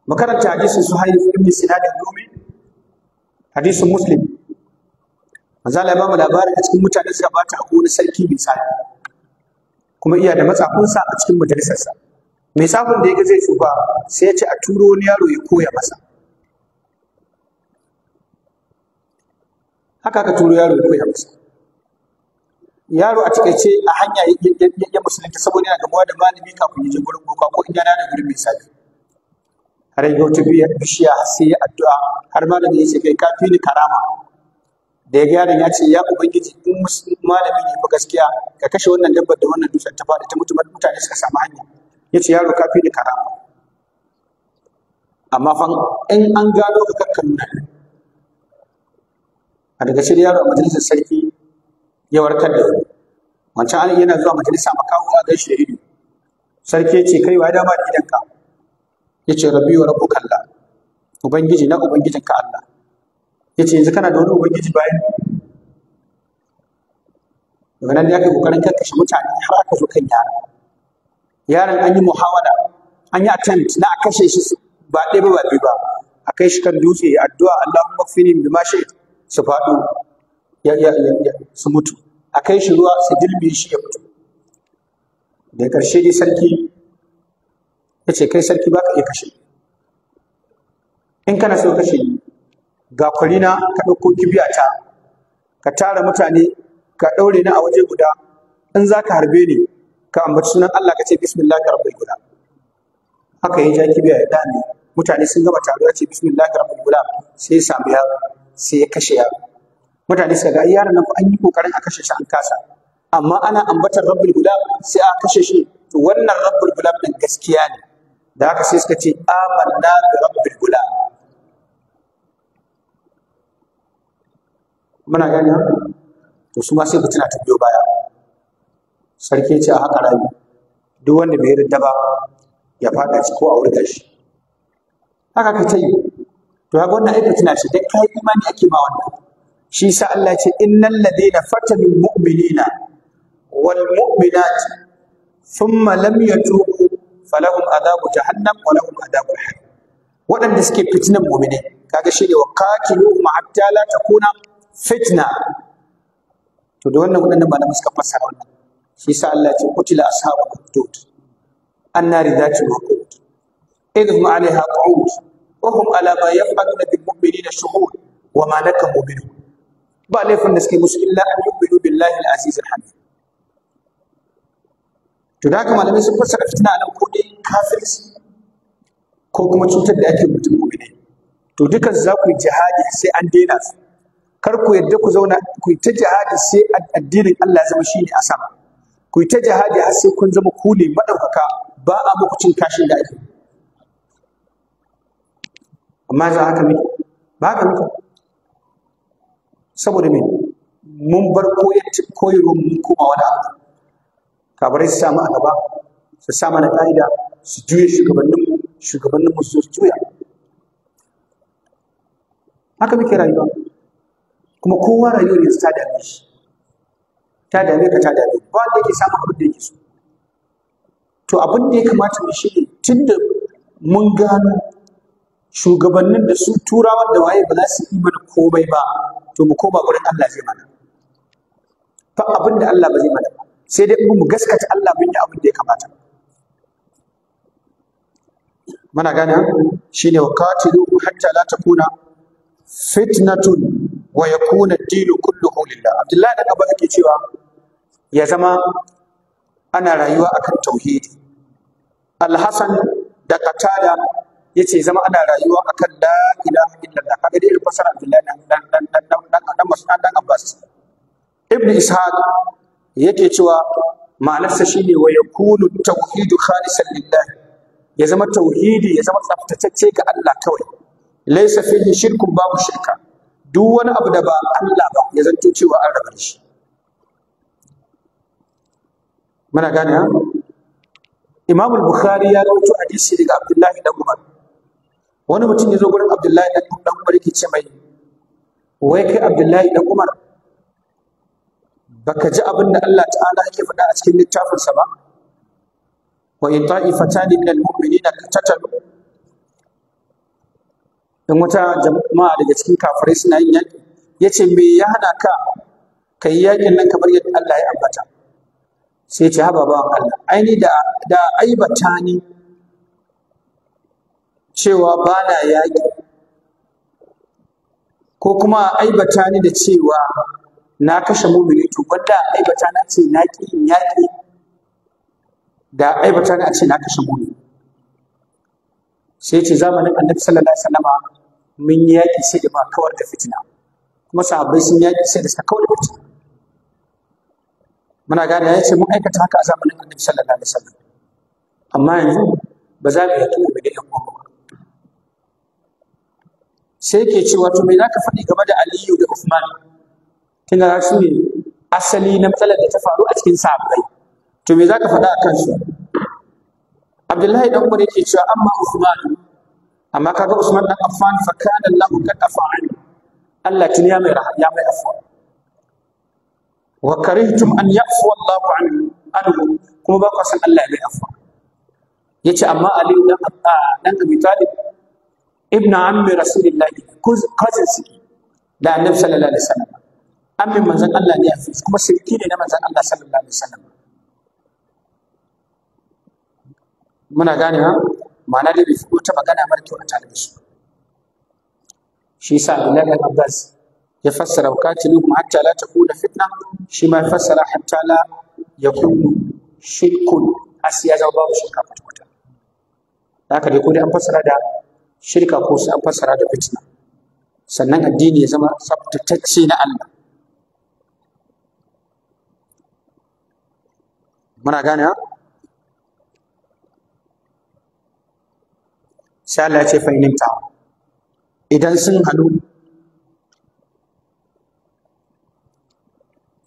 makaranta hadisin suhaili ibn sinan al-rumi hadisin muslim manzo Allah ya bamu labari a cikin mutane suka bata ko wani sarki mai kuma iya da matsafinsa a cikin majalisarsa mai safin da ya ga zai shuba sai ya ce a turo wani yaro ya koya masa haka aka turo yaro ya koya masa yaro a takaice a hanya ya musulunta saboda yana gamuwa da malami kafin ya je gurin boka ko in yana gurin mai sabi har ta biya bishiya sai ya addu'a har malami ya ce kai ka fi ni karama da ya gyara ya ce ya ubangiji in malami ne ba gaskiya ka kashe wannan dabbar da wannan dutsen ta faɗi ta mutu mutane suka samu hanya ya ce yaro ka fi ni karama amma fa in an gano ka kakkan nan a daga shirya a majalisar sarki ya warkar da wani wancan an yana zuwa majalisa makaho a shi da ido sarki ya ce kai wa dama da gidanka ya ce rabbi wa rabbu kalla ubangiji na ubangijinka Allah ya ce yanzu kana da wani ubangiji bayan daga nan da aka yi kokarin karkashe mutane har aka zo kan yaran yaron an yi muhawara an yi attempt na a kashe shi ba ɗaya ba ba biyu ba a kai shi kan dutse addu'a Allahumma fini bi ma shi'ta su faɗo su mutu a kai shi ruwa su girbe shi ya mutu da ƙarshe dai sarki ya ce kai sarki ba ka iya kashe in kana so kashe ni ga kwarina ka ɗauko kibiyata ka tara mutane ka ɗaure ni a waje guda in za ka harbe ni ka ambaci sunan Allah ka ce bismillah rabbul guda haka ya ja kibiya ya dame mutane sun gama taruwa ce bismillah rabbul guda sai ya samu yaro sai ya kashe yaro mutane suka ga yaron nan an yi kokarin a kashe shi an kasa amma ana ambatar rabbul gulab sai a kashe shi to wannan rabbul gulab din gaskiya ne da haka sai suka ce amanna bi rabbul gulab muna gani ha to su ma sai ku tuna tabbiyo baya sarki ya ce a haka rami duk wanda bai yarda ba ya faɗa ko a wurga shi haka ka ta yi to ga wannan aika tana ce dan kai imani ake ba wannan shi yasa Allah ya ce innal ladina fatanul mu'minina wal mu'minat thumma lam yatubu falahum adabu jahannam wa lahum adabu jahannam waɗanda suke fitinan mu'mini kaga shi ne wa ma hatta la takuna fitna to da wannan waɗannan malama suka fassara wannan shi yasa Allah ya ce kutila ashabu tut annari zati al idh ma'alaha 'alayha وهم على ما يفعلون بالمؤمنين mu'minina وما wa ma nakamu minhu ba laifin da suke musu illa an yu'minu billahi al-aziz al-hamid to da malamai sun fassara fitina nan ko dai kafirci ko kuma cutar da ake mutum mu'mini to dukan za ku yi jihadi sai an daina su kar ku yadda ku zauna ku yi ta jihadi sai addinin Allah ya zama shine a sama ku yi ta jihadi har sai kun zama ku ne madaukaka ba a muku cin kashin da ake amma za haka mutu ba haka mutu saboda me mun bar koyarwar mun koma wani abu kabarai su samu a gaba su samu na ka'ida su juye shugabanninmu shugabanninmu su juya haka muke rayuwa kuma kowa rayuwar yanzu ta dame shi ta dame ka ta dame ba wanda yake samun abin da yake so to abin da ya kamata mu shi ne tun da mun gano shugabannin da su turawa da waye ba za su yi mana komai ba to mu koma gurin Allah zai mana fa abin da Allah ba zai mana sai dai mu gaskata Allah mun yi abin da ya kamata muna gane shine wa qatiluhum hatta la takuna fitnatun wa yakuna ad-din kulluhu lillah Abdullahi da ba ake cewa ya zama ana rayuwa akan tauhidi Al-Hasan da Qatada yace zama ana rayuwa akan la ilaha illallah kaga dai fasara billahi dan dan dan dan dan dan dan dan Abbas Ibn Ishaq yake cewa ma'anarsa shine wa yakunu tauhidu khalisan lillah ya zama tauhidi ya zama tsaftatacce ga Allah kawai laysa fihi shirkun babu shirka duk wani abu da ba Allah ba ya zanto cewa an rabar shi muna gane ha imamu Bukhari ya rawaito hadisi daga Abdullahi dan Umar wani mutum ya zo gurin abdullahi dan dan umar yake ce mai wai kai abdullahi dan umar baka ji abin da Allah ta'ala yake faɗa a cikin littafinsa ba wa in ta'ifatan min al-mu'minina in wata jama'a daga cikin kafirai suna yin yaƙi ce me ya hana ka yi yaƙin nan kamar yadda Allah ya ambata sai ce haba ba Allah aini da aibata ni cewa ba na yaƙi ko kuma aibata ni da cewa na kashe mumini to wanda aibata ni a ce na ƙi yin yaƙi da aibata ni a ce na kashe mumini sai ce zamanin annabi sallallahu alaihi wasallama mun yi yaƙi sai da ba kawar da fitina kuma sahabbai sun yaƙi sai da suka kawar da fitina muna gane ya ce mun aikata haka a zamanin annabi sallallahu alaihi wasallam amma yanzu ba za mu yi tuwo da ƴan uwa sai ke cewa to me za ka faɗi game da aliyu da usman tunda su ne asali na matsalar da ta faru a cikin sahabbai to me za ka faɗa a kansu abdullahi dan umar yake cewa amma usman amma kaga usman dan affan fa kana lahu kad afa'an Allah tun ya mai ya mai afwa wa karihtum an yafwa allah an anhu kuma ba ka san Allah ya mai afwa yace amma ali dan ah, dan abi talib ibn ammi rasulillahi cousin suke da annabi sallallahu alaihi wasallam ammin manzon Allah ne Hafiz kuma sirki ne na manzon Allah sallallahu alaihi wasallam muna gane ma'ana da bai fito ta magana mara kyau a tare da su shi yasa Abdullahi bin Abbas ya fassara wakatilukum hatta la takuna fitna shi ma fassara hatta la yakunu shirkun asiya zama babu shirka kwata haka dai ko dai an fassara da shirka ko sai an fassara da fitina sannan addini ya zama tsabtatacce na Allah muna gane ha sai Allah ya ce fahimta idan sun halu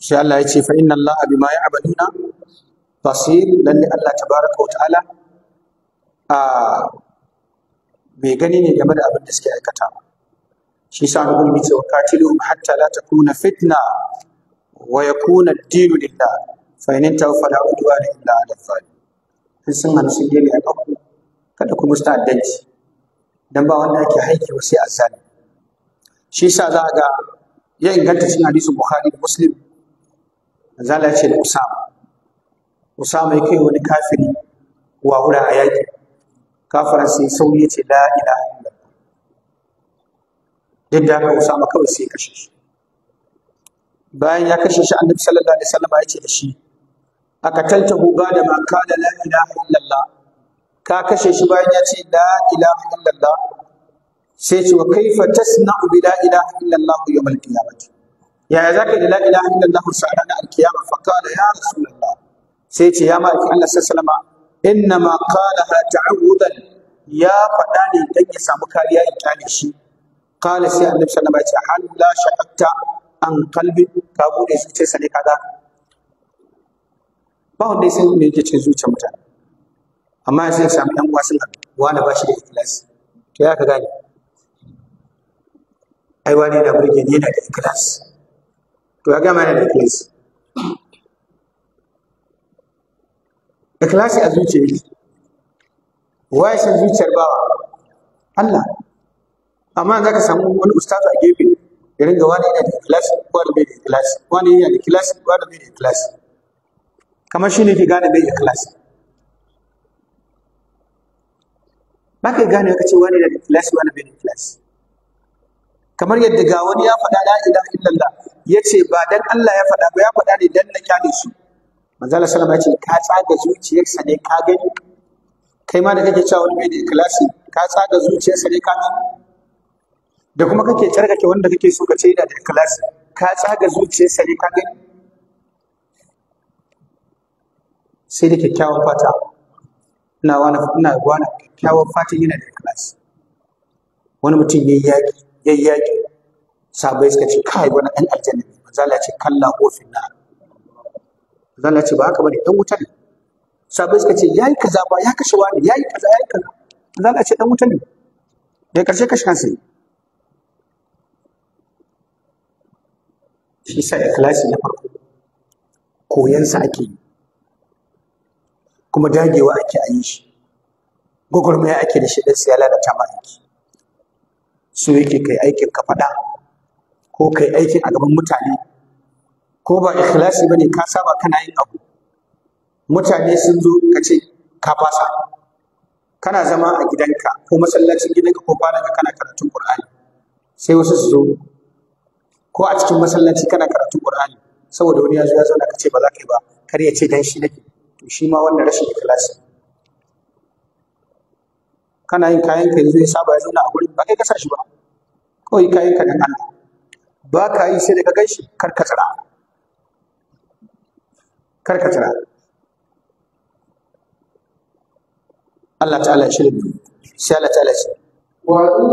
sai Allah ya ce fa inna Allah bima ya'maluna basir lalle Allah tabaraka wa ta'ala a ah, Mai gani ne game da abin da suke aikata ba shi sa na gumi ce katilu hatta la takuna fitna wa yakuna ad-dinu lillah fa in ta fala da illa ala zalim in sun hannu sun gani a kanku kada ku musta addanci dan ba wanda ake haike wasu sai azzali shi sa za ga ya inganta cikin hadisin bukhari da muslim zala ce da usama usama yake wani kafiri wa wura a yaki kafaran sai sauri ce la ila illallah duk da haka usama kawai sai kashe shi bayan ya kashe shi annabi sallallahu alaihi wasallam ya ce da shi ba da maka da la ilaha illallah ka kashe shi bayan ya ce la ilaha illallah sai ce wa kaifa tasna'u bi la ila ilaha illallah yawmal qiyamah yaya za zaka da la ila ilaha illallah sa'ana al qiyamah fa qala ya rasulullah sai ce ya ma Allah sallallahu alaihi wasallam innama qalaha ta'awudan ya faɗa ne dan ya samu kariya in kyale shi qala sai annabi sallallahu alaihi wasallam ya ce hal la shaqaqta an qalbi ka bude zuciyarsa ne kaza. ba wanda ya san me yake cikin zuciyar mutane amma sai ya samu yan wasu wanda wani ba shi da ikhlas to ya ka gane ai wani da burge ne yana da ikhlas to ya gama yana da ikhlas ikhlasi a zuciya yake waye san zuciyar bawa Allah amma za ka samu wani ustazu a gefe ya ringa wani yana da ko wani bai da ikhlasi wani yana da ko wani bai da ikhlasi kamar shi ne ke gane bai ikhlasi ba ka gane ka ce wani yana da ikhlasi wani bai da ikhlasi kamar yadda ga wani ya faɗa la ilaha illallah ya ce ba dan Allah ya faɗa ba ya faɗa ne dan na kyale shi manzala salama ya ce ka tsaga zuciyarsa ne ka gani kai ma da kake cewa wani mai da ikilasi ka tsaga zuciyarsa ne ka gani da kuma kake tsarkake wanda kake so ka ce yana da ikilasi ka tsaga zuciyarsa ne ka gani sai da kyakkyawan fata ina wani ina wani kyakkyawan fata yana da ikilasi wani mutum ya yaki yayi yaki sabai suka ce kai wani ɗan aljanna manzala ya ce kalla ofin nar Zana ce ba haka bane dan wuta ne sabai suka ce yayi kaza ba ya kashe wani yayi kaza yayi kaza Zana ce dan wuta ne da karshe kashe kansa shi sa ikhlasi na farko koyansa ake yi kuma dagewa ake a yi shi gwagwarmaya ake da shi ɗan sai ya lalata ma aiki so yake kai aikin ka faɗa ko kai aikin a gaban mutane ko ba ikhlasi bane ka saba kana yin abu mutane sun zo ka ce ka fasa kana zama a gidanka ko masallacin gidanka ko falanka kana karatun Qur'ani sai wasu su zo ko a cikin masallaci kana karatun Qur'ani saboda wani ya zo ya zauna ka ce ba za ka yi ba kar ya ce dan shi nake to shi ma wannan rashin ikhlasi kana yin kayan ka yanzu ya saba ya zauna a gurin ba kai ka sa shi ba kawai kayan ka dan Allah ba ka yi sai daga ganshi kar ka tsira kar ka tira Allah ta'ala ya shirya sai Allah ta'ala ya shirya wa Allah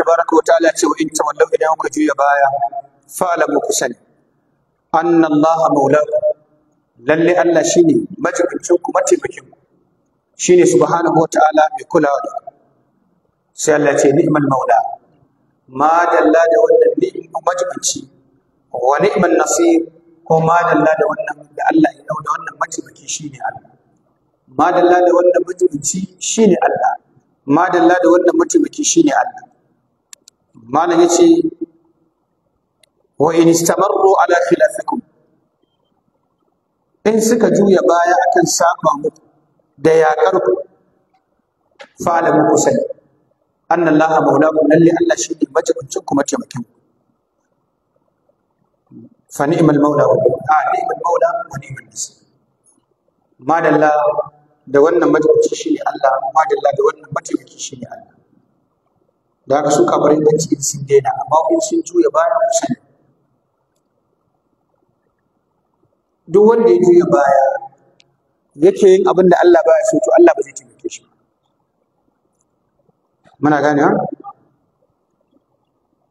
tabaraka wa ta'ala ce wa in tawallau idan kuka juya baya fa'lamu ku sani anna Allah maulakum lalle Allah shine majibincin ku mataimakin ku shine subhanahu wataala mai kulawa da ku sai Allah ce ni'mal maula ma dalla da wannan ni'mal majibinci wa ni'mal nasir ko ma dalla da wannan da Allah ya dauda wannan majibinci shine Allah ma dalla da wannan majibinci shine Allah ma dalla da wannan mataimaki shine Allah malam yace wa in istamarru ala khilafikum in suka juya baya akan saba muku da yaƙar ku fala muku sani annan laha maulaku lalle Allah shi ne majibincin kuma taimakin ku fa ni'mal maula wa a ni'mal maula wa ni'mal nasir madalla da wannan majibinci shi ne Allah madalla da wannan mataimaki shi ne Allah da haka su bari da cikin sun daina amma in sun juya baya ku ne. duk wanda ya juya baya yake yin abin da Allah baya so to Allah ba zai taimake shi muna gane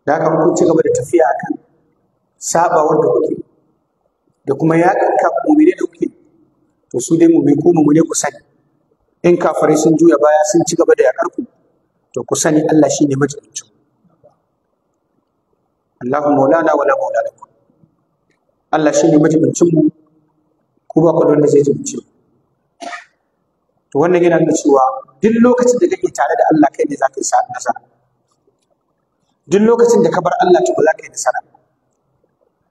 da haka ku ci gaba da tafiya kan saba wanda kuke da kuma ya kanka mu'mini da kuke to su dai mu'mini ko ne ku sani in kafare sun juya baya sun ci gaba da yakar ku to ku sani Allah shine majibincin Allahu maulana wala maulana Allah shine majibincin mu kuma ba da wanda zai taimake ku to wannan yana nuna cewa duk lokacin da kake tare da Allah kai ne za ka yi nasara duk lokacin da ka bar Allah to ba za ka yi nasara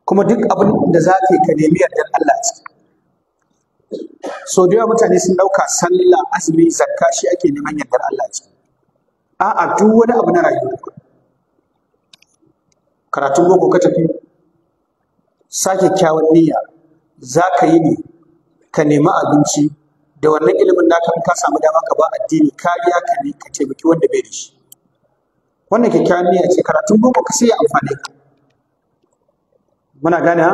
kuma duk abin da za ka yi ka nemi yardar Allah a ciki so da yawa mutane sun ɗauka sallah azumi zakka shi ake neman yardar Allah a ciki a'a duk wani abu na rayuwa karatun boko ka tafi sa kyakkyawan niyya za ka yi ne ka nemi abinci da wannan ilimin naka in ka samu dama ka ba addini kariya ka ne ka taimaki wanda bai da shi wannan kyakkyawan niyya ce karatun boko ka sai ya amfane ka muna gane ha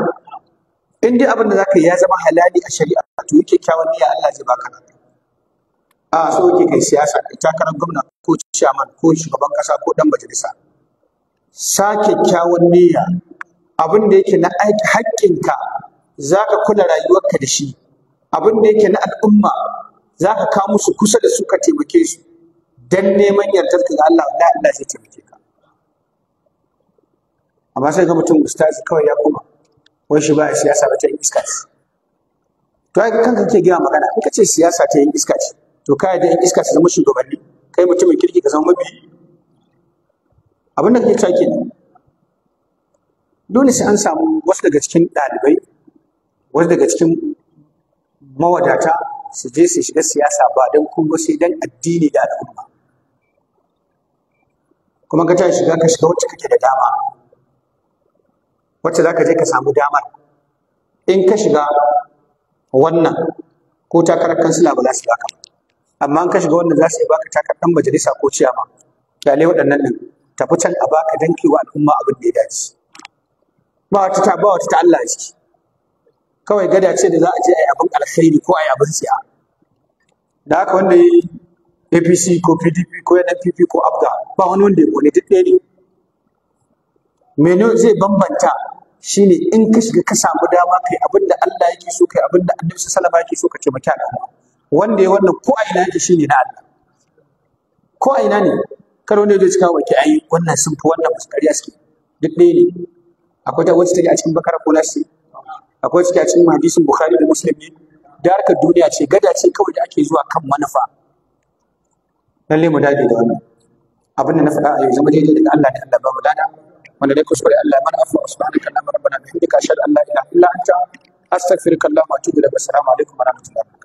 in dai abin da zaka yi ya zama halali a shari'a to yi kyakkyawan niyya Allah zai baka lafiya a so yake kai siyasa kai takarar gwamna ko chairman ko shugaban kasa ko dan majalisa sa kyakkyawan niyya abin da yake na aiki haƙƙinka zaka kula rayuwarka da shi abin da yake na al'umma za ka kawo musu kusa da su ka taimake su dan neman yardar ka ga Allah wallahi Allah zai taimake ka amma sai ga mutum ustazi kawai ya koma wai shi ba siyasa ba ta yin iska ce to ai kanka kake gina magana in ka ce siyasa ta yin iska ce to kai da yin iska shi, zama shugabanni kai mutumin kirki ka zama mabiyi abin da kake cewa kenan dole sai an samu wasu daga cikin ɗalibai wasu daga cikin mawadata su je su shiga siyasa ba don kuma sai don addini da al'umma kuma ka ta shiga ka shiga wacce kake da dama wacce za ka je ka samu damar in ka shiga wannan ko takarar kansila ba za su baka amma in ka shiga wannan za su yi baka takarar ɗan majalisa ko ciyama kyale waɗannan ɗin tafi can a baka don kewa al'umma abin da ya dace ba wata ta ba wata ta Allah ya ciki kawai gada ce da za a je a yi abin alkhairi ko a yi abin tsiya da haka wanda ya apc ko pdp ko nnpp ko abga ba wani wanda ya kone duk ɗaya ne mene zai bambanta shine in ka shiga ka samu dama kai abin da Allah yake so kai abin da annabi salama yake so ka ce maka al'umma wanda ya wannan ko a ina yake shine na Allah ko a ina ne kar wanda zai cika wake ayi wannan sun fi wannan musu ƙarya suke duk ɗaya ne akwai ta wacce take a cikin bakara ko lasi akwai suke a cikin hadisin bukhari da Musulmi ne da harkar duniya ce gada ce kawai da ake zuwa kan manufa lalle mu dage da wannan abin da na faɗa a yau zama daidai daga Allah ne Allah ba mu dada wanda dai kuskure Allah man afu subhanaka allahumma rabbana bihamdika ashhadu an la ilaha illa anta astaghfiruka wa atubu ilaik assalamu alaikum wa rahmatullahi